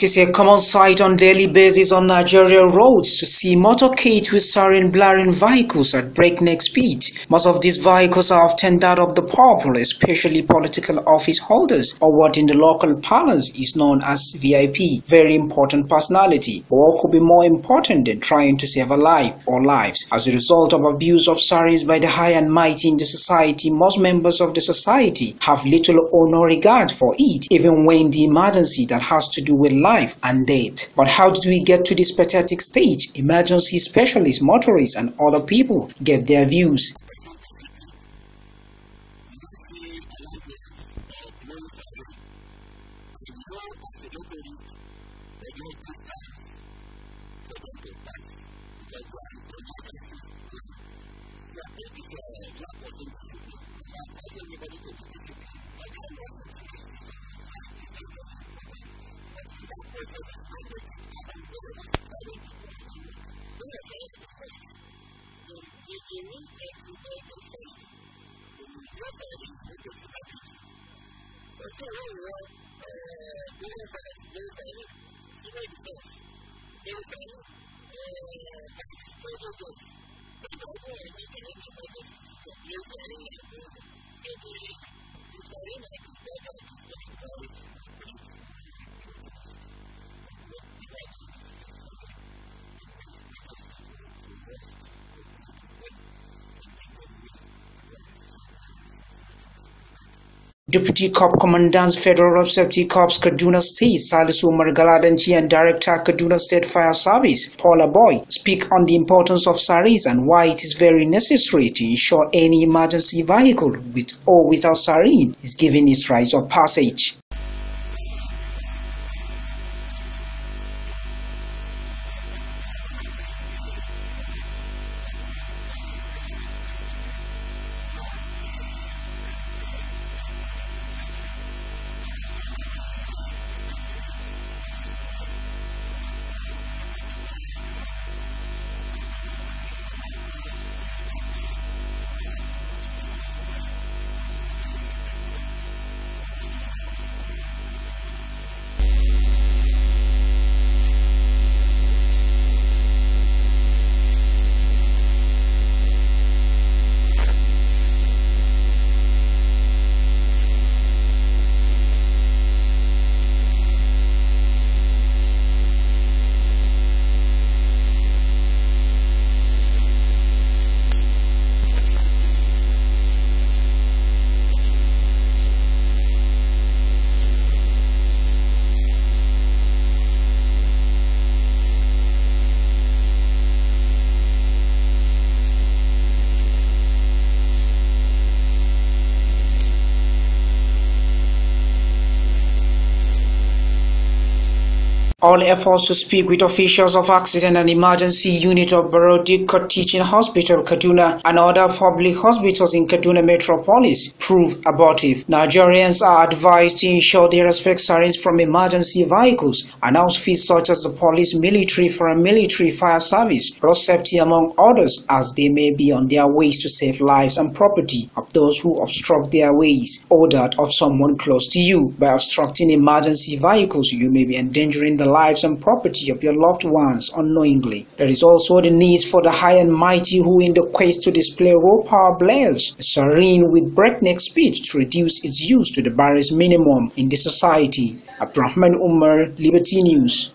It is a common sight on daily basis on Nigeria roads to see motorcades with siren blaring vehicles at breakneck speed. Most of these vehicles are often that of the powerful, especially political office holders or what in the local parlance is known as VIP, very important personality. But what could be more important than trying to save a life or lives? As a result of abuse of sirens by the high and mighty in the society, most members of the society have little or no regard for it, even when the emergency that has to do with life life and death. But how did we get to this pathetic stage? Emergency specialists, motorists, and other people gave their views. Thank you. Deputy Corps Commandant Federal Safety Corps Kaduna State Salisu Margaladanchi and Director Kaduna State Fire Service Paula Boy speak on the importance of saris and why it is very necessary to ensure any emergency vehicle with or without sari is given its rights of passage. All efforts to speak with officials of Accident and Emergency Unit of Barodi Teaching Hospital, Kaduna, and other public hospitals in Kaduna Metropolis prove abortive. Nigerians are advised to ensure they respect sirens from emergency vehicles and outfits such as the police, military, military fire service, road safety, among others, as they may be on their ways to save lives and property of those who obstruct their ways or that of someone close to you. By obstructing emergency vehicles, you may be endangering the lives and property of your loved ones unknowingly. There is also the need for the high and mighty who in the quest to display raw power a serene with breakneck speed to reduce its use to the barest minimum in the society. Abdurrahman Umar, Liberty News.